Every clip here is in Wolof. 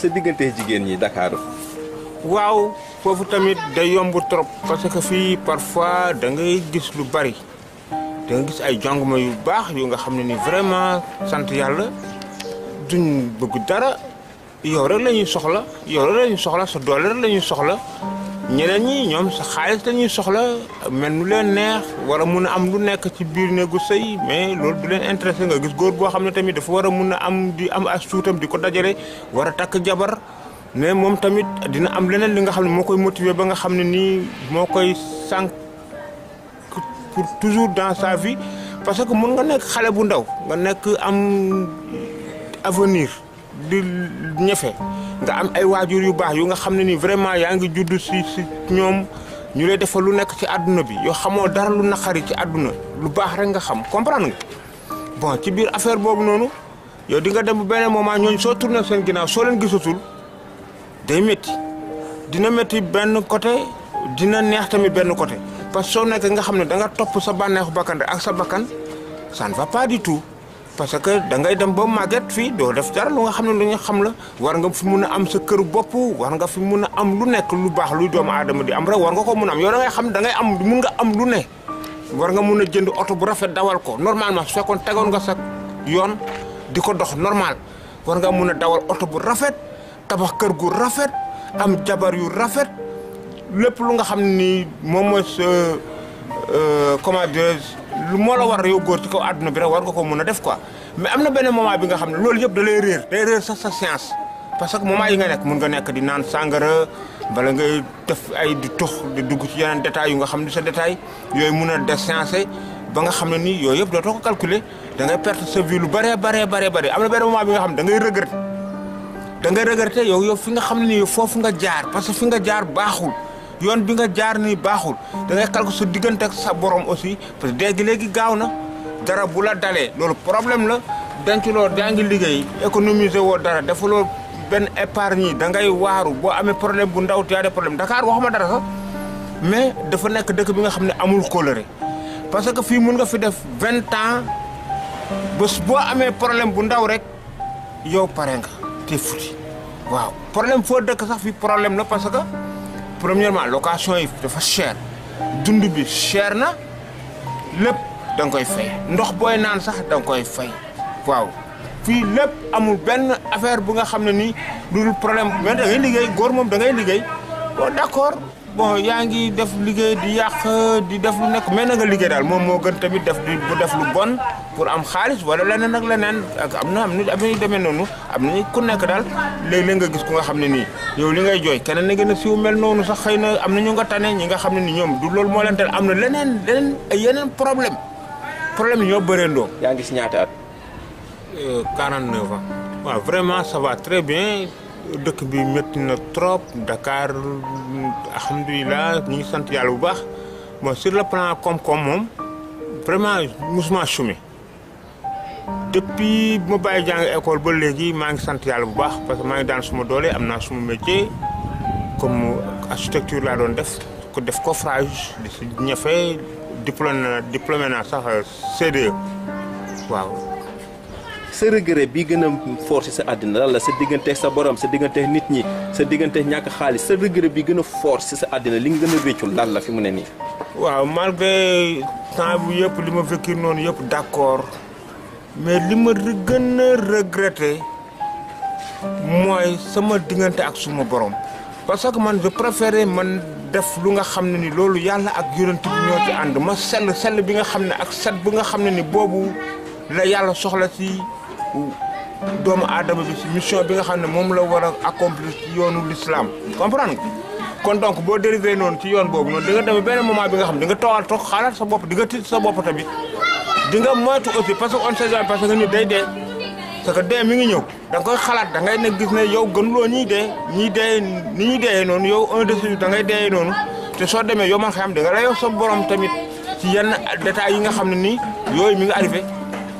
sa diggante jigen ñi Dakar waaw fofu tamit day yomb trop parce que fi parfois da ngay gis lu bari da nga gis ay jànguma yu baax yu nga xam ni vraiment sante yalla duñ bëgg dara yow rek lañuy soxla yow rek lañuy soxla sa doole rek soxla ñeneen ñi ñoom sa xaalis dañuy soxla mel nu leen neex war mun a am lu nekk ci biir néegu sëy mais loolu du leen intéressé nga gis góor boo xam ne tamit dafa war a mun a am di am as tuutam di ko dajale war a takk jabar mais moom tamit dina am leneen li nga xam ne moo koy motiver ba nga xam ne nii moo koy sànq pour toujours dans sa vie parce que mun nga nekk xale bu ndaw nga nekk am avenir di ñefe nga am ay wajur yu bax yu nga xamni ni vraiment ya nga judd si si ñom ñu lay defal lu nekk ci aduna bi yo xamoo dara lu naxari ci aduna lu bax rek nga xam comprendre nga bon ci biir affaire bobu nonu yo di nga dem benn moment ñooñu so tourner seen ginaaw so leen gisatul day metti dina metti benn côté dina neex tamit benn côté parce que soo nekk nga xam da nga top sa bànneexu bakkan rek ak sa bakkan ça ne va pas du tout parce que da ngay dem ba maget fi do def dar lu nga xamne lu ñu xam la war nga fi mëna am sa kër bop war nga fi mëna am lu nekk lu bax lu doom adam di am rek war nga ko mëna am yow da ngay xam da ngay am mun nga am lu ne war nga mëna jënd auto bu rafet dawal ko normalement su fekkon tagon nga sa yoon di dox normal war nga mëna dawal auto bu rafet tabax kër gu rafet am jabar yu rafet lepp lu nga xamni ni moy mooy euh, comment dire lu moo la war yow góor ci kaw aduna bi rek war nga ko mën def quoi mais amna na benn moment bi nga xamne lool loolu yëpp da lay réer day réer sax sa science parce que moment yi nga nek mun nga nek di nan sangara bala ngay def ay di tux di dugg ci yenen detail yu nga xamne sa detail yoy mun de science ba nga xamne ni yoy yooyu do to ko calculer da ngay perte sa vie lu bare bare bare bare amna na benn moment bi nga xamne da ngay regret da ngay regretter yow yow fi nga xamne ni fofu nga jaar parce que fi nga jaar baxul yoon bi nga jaar ni baxul da ngay kalku su sa ak sa borom aussi parce que dégg légui gaaw na dara bu la dalé lolu problème la denculoo daa ngi liggéey économiser wo dara defuloo ben épargne da ngay waru bo amé problème bu ndaw de problème Dakar waxuma dara sax mais dafa nek dëkk bi nga xamné amul coloré parce que fi mën nga fi def 20 ans bus bo amé problème bu ndaw rek yow paré nga té fouti waaw problème fo dëkk sax fi problème la parce que premièrement location est très cher bi cher na lepp dang koy fay ndox boy nan sax dang koy fay waaw fi lepp amul Ben affaire bu nga problème mais bon d'accord bon yaa ngi def liggéey di yàq di def lu nekk mais na nga liggéey daal moom moo gën tamit def di bu def lu bon pour am xaalis wala leneen ak leneen ak am na am na am na demee noonu am ku nekk daal léeg nga gis ku nga xam ne nii yow li ngay jooy keneen na gën a siw mel noonu sax xëy na am na ñu nga ñi nga xam ne ni ñoom du loolu moo leen am na leneen leneen ay yeneen problème problème yi ñoo bëreendoo. yaa ngi si ñaata at. 49 euh, ans. vraiment ça va très bien. dëkk bi métti na trop Dakar alhamdulilah ñu ngi sant yàlla bu baax bon sur le plan koom-koom moom vraiment musuma chômer depuis bu ma bàyyi jàng école ba léegi maa ngi sant yàlla bu baax parce que maa ngi daan suma doole am naa suma métier comme architecture laa doon def ko def coffrage di si ñafe diplômé naa diplômé naa sax euh, e. waaw sa regret bi gën a fort si sa àddina lan la sa digganteeg sa borom sa digganteeg nit ñi sa digganteeg ñàkk xaalis sa regret bi gën a fort si sa addina li nga gën a wéccul lan la fi mu ne nii. waaw malgré temps bu yëpp li ma vécu noonu yëpp d'accord mais li ma gën a mooy sama diggante ak suma borom. parce que man je préférais man def lu nga xam ne ni loolu yàlla ak yonent bi ñoo ci ànd ma sell sell bi nga xam ne ak set bu nga xam ne ni boobu la yàlla soxla ci. doomu aadama bi si mission bi nga xam ne moom la war a accomplir ci yoonu l'islam comprendre nga kon donc boo dérivé noonu ci yoon boobu noonu di nga demee benn moment bi nga xam di nga toogal toog xalaat sa bopp di nga tiit sa bopp tamit di nga moytu aussi parce que on sait jamais parce que nit day dee parce ngi ñëw da nga xalaat da ne gis ne yow gënuloo ñuy dee ñuy dee ni ñuy deeyee noonu yow un de da ngay deeyee noonu te soo demee yow man xam di nga la yow sa borom tamit ci yenn détails yi nga xam ne nii yooyu mi ngi arrivé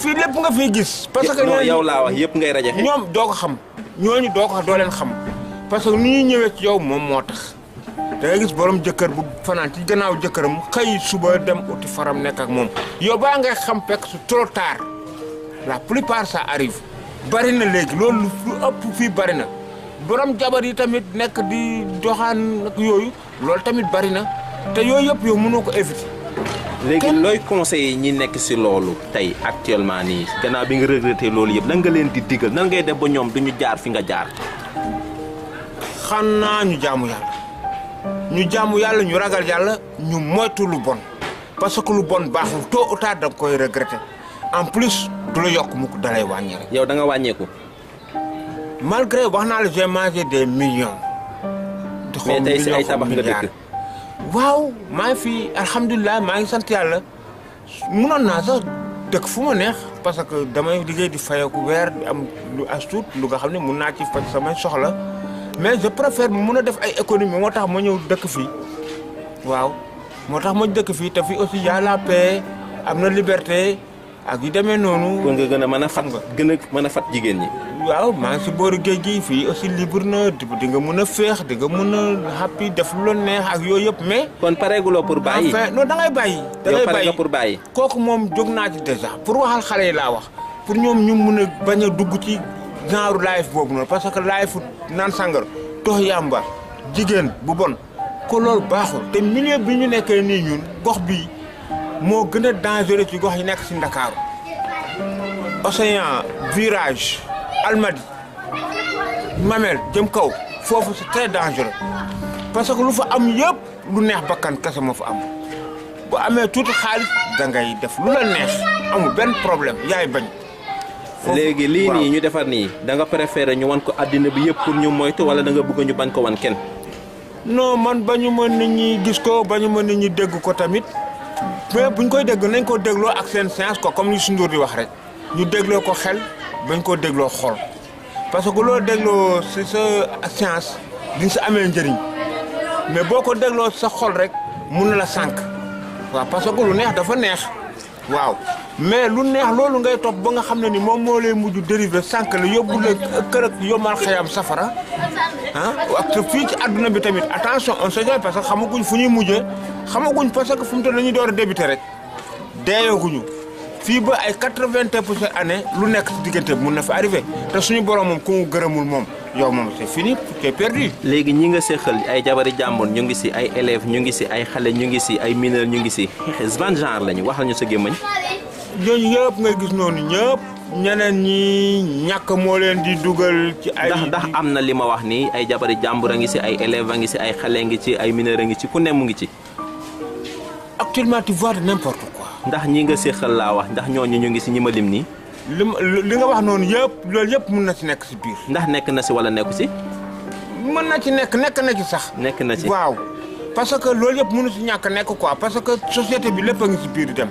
fi lepp nga fi gis. parce que ñoo yow la wax yëpp ngay rajé ñom do ko xam ñu do ko do leen xam parce que ni ñëwé ci yow mom mo tax. da nga gis borom bu fanan ci gënaaw jëkkëram xey suba dem uti faram nek ak mom yo ba nga xam pek su trop tard la plupart ça arrive bari na légui loolu lu ëpp fi bari na borom jabar yi tamit nek di doxaan ak yoyu loolu tamit bari na te yooyu yëpp yow éviter. léegi looy conseil ñi nekk si loolu tey actuellement nii gannaaw bi nga regretté loolu yëpp nan nga leen di digal nan ngay def ba ñoom du ñu jaar fi nga jaar. xanaa ñu jaamu yàlla ñu jaamu yàlla ñu ragal yàlla ñu moytu lu bon parce que lu bon baaxul tôt ou tard da koy regretté en plus du la yokk mukk da lay wàññi rek. yow da wàññeeku. malgré wax naa la j'ai mangé des millions. mais tey si ay tabax nga dëkk waaw maa ngi fi alhamdulilah maa ngi sant yàlla munoon naa sax dëkk fu ma neex parce que damay liggéey di fayeku weer di am lu as tuut lu nga xam ne mun naa ci faj samay soxla mais je préfère mu mun a def ay économie moo tax ma ñëw dëkk fii waaw moo tax ma dëkk fii te fii aussi y a la am na liberté ak gi demee noonu. kon nga gën a mën a fat gën a mën a fat jigéen ñi. waaw maa ngi si booru géej gi aussi libre na di nga mën a féex di nga mën happy def lu neex ak yooyu yëpp mais. kon pareeguloo pour bàyyi. enfin non da ngay bàyyi. da ngay bàyyi pour bàyyi. kooku moom jóg naa ci dèjà pour waxal xale yi laa wax pour ñoom ñu mën a bañ a dugg ci genre life boobu noonu parce que life naan sangar tox yàmba jigéen bu bon ko loolu baaxul. te milieu bi ñu nekkee nii ñun gox bi moo gën dangereux ci gox yi nekk si Dakar. océan virage. Almadi Mamel jëm kaw foofu c'est très dangereux parce que lu fa am yëpp lu neex bakkan kese moo fa am bu amee tuuti xaalis dangay ngay def lu la neex amul benn problème yaay bañ. léegi lii nii ñu defar nii da nga préféré ñu wan ko àddina bi yëpp pour ñu moytu wala da nga bëgg ñu bañ ko wan kenn. non man bañu ma nit ñi gis ko bañu ma nit ñi dégg ko tamit mais buñ koy dégg nañ ko dégloo ak seen séance ko comme ni Youssou Ndour di wax rek ñu dégloo ko xel. que ko deglo xol parce que loo deglo si science di sa amé mais si deglo sa xol rek la parce que lu neex dafa neex waaw mais lu neex ngay top ba nga xamné ni lay kër ak yomal safara ah ak fi ci attention on se parce que xamaguñ xamaguñ parce que a rek fii ba ay 80% année lu nek digënté mu na fa arrivé té suñu borom mom ku gëremul mom yow mom c'est fini c'est perdu. légui ñi nga séxal ay jabari jambon ñu ngi ci ay élèves ñu ngi ci ay xalé ñu ngi ci ay mineur ñu ngi si ban genre lañu waxal ñu sa gémmañ. ñooñu yëpp ngay gis noonu ñëpp ñeneen ñi ñaka mo leen di duggal ci ay ndax ndax amna lima wax ni ay jabari jàmbur a ngi ci ay élèves ngi ci ay xalé ngi ci ay mineur ngi ci ku ne mu ngi ci. actuellement tu vois de n'importe quoi ndax ñi nga séxal la wax ndax ñoo ñu ngi si ñi ma lim nii li nga wax non yépp lool yépp mën na ci nekk ci biir ndax nekk na ci wala nekku ci mën na ci nekk nekk na ci sax nekk na ci waaw parce que lool yépp mënu ci ñàkk nekk quoi parce que société bi lépp a ngi si biir dem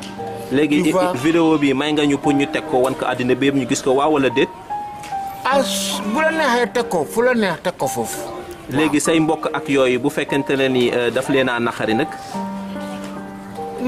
léegi vidéo bi may nga ñu pour ñu teg ko wan ko àddina bi yëpp ñu gis ko waaw wala déet As ah, bu la neexee teg ko fu la neex teg ko foofu léegi say mbokk ak yooyu bu fekkente ne ni euh, daf leen naxari nag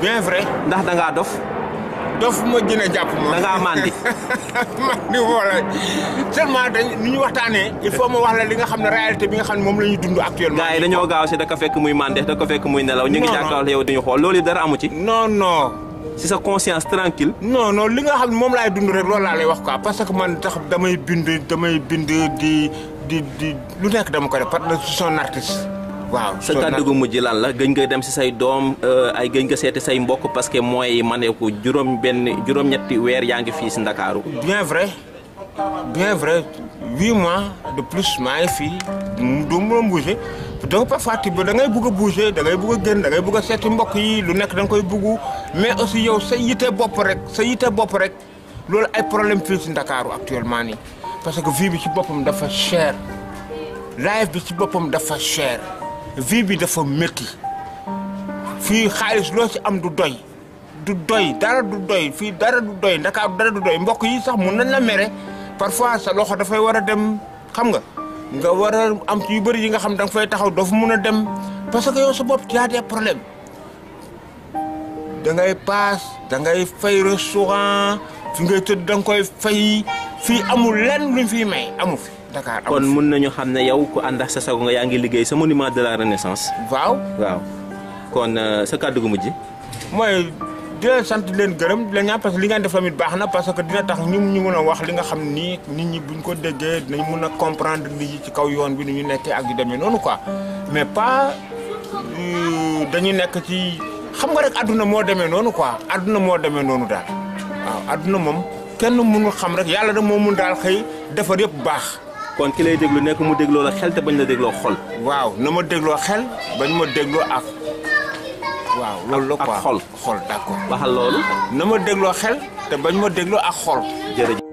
bien vrai. ndax da dof. dof ma gën jàpp ma. da ngaa mandi. mandi wala seulement dañ ni ñu waxtaanee. il faut ma wax la li nga xam ne réalité bi nga xam ne moom la ñuy dund actuellement. gars yi dañoo gaaw si ko fekk muy mande da ko fekk muy nelaw. ñu ngi jàkkaarloo yow loolu dara amu ci. non si sa conscience tranquille non non li nga xam moom laay dund rek loolu laa wax quoi parce que man tax damay bind damay bind di di di lu nekk dama ko def parce que je suis waaw sa ta dugu mujj lan la gëñ nga dem si say doom eh, ay gëñ nga sété say mbokk parce que mané maneku jurom ben juróom ñetti wër ya nga fi si dakaru bien vrai bien vrai huit mois de plus ma fi fii mo bougé do donc parfois tu da ngay bëgg bougé da ngay bëgg gën da ngay bëgg sété mbokk yi lu nekk da nga bëggu mais aussi yow say yité bop rek say yité bop rek lool ay problème fi si dakaru actuellement ni parce que vie bi ci boppam dafa cher life bi ci boppam dafa cher vie bi dafa metti fii xaalis loo ci am du doy du doy dara du doy fii dara du doy ndakaar dara du doy mbokk yi sax mun nañ la mere parfois sa loxo dafay war a dem xam nga nga war am ci yu bëri yi nga xam da nga fay taxaw dafa mun a dem parce que yow sa bopp y des problèmes da ngay paas da ngay fay restaurant fi ngay tëdd da koy fay fii amul lenn luñ fiy may amu fi Dakar kon mën nañu xamné yow ko ànd ak sa sago nga yaangi liggéey sa monument de la renaissance waaw waaw kon euh, sa kàddu gu mujjé moy di len sant di len gërëm di len ñaan parce que li ngeen def tamit baax na parce que dina tax ñu ñu mëna wax li nga xam ni nit ñi buñ ko déggé dinañ mëna comprendre li ci kaw yoon bi ñu nekkee ak yu démé nonu quoi mais pas euh, dañu nekk ci xam nga rek aduna mo démé nonu quoi aduna mo démé nonu daal waaw aduna mom kenn mënu xam rek yàlla da moo mun daal xëy defar yëpp baax kon ki lay déglu nekk mu dégloo la xel te bañ la dégloo xol. waaw na ma dégloo xel bañ ma dégloo ak. waaw loolu la quoi ak xol xol d'accord. waxal loolu. na ma dégloo xel te bañ ma dégloo ak xol. jërëjëf.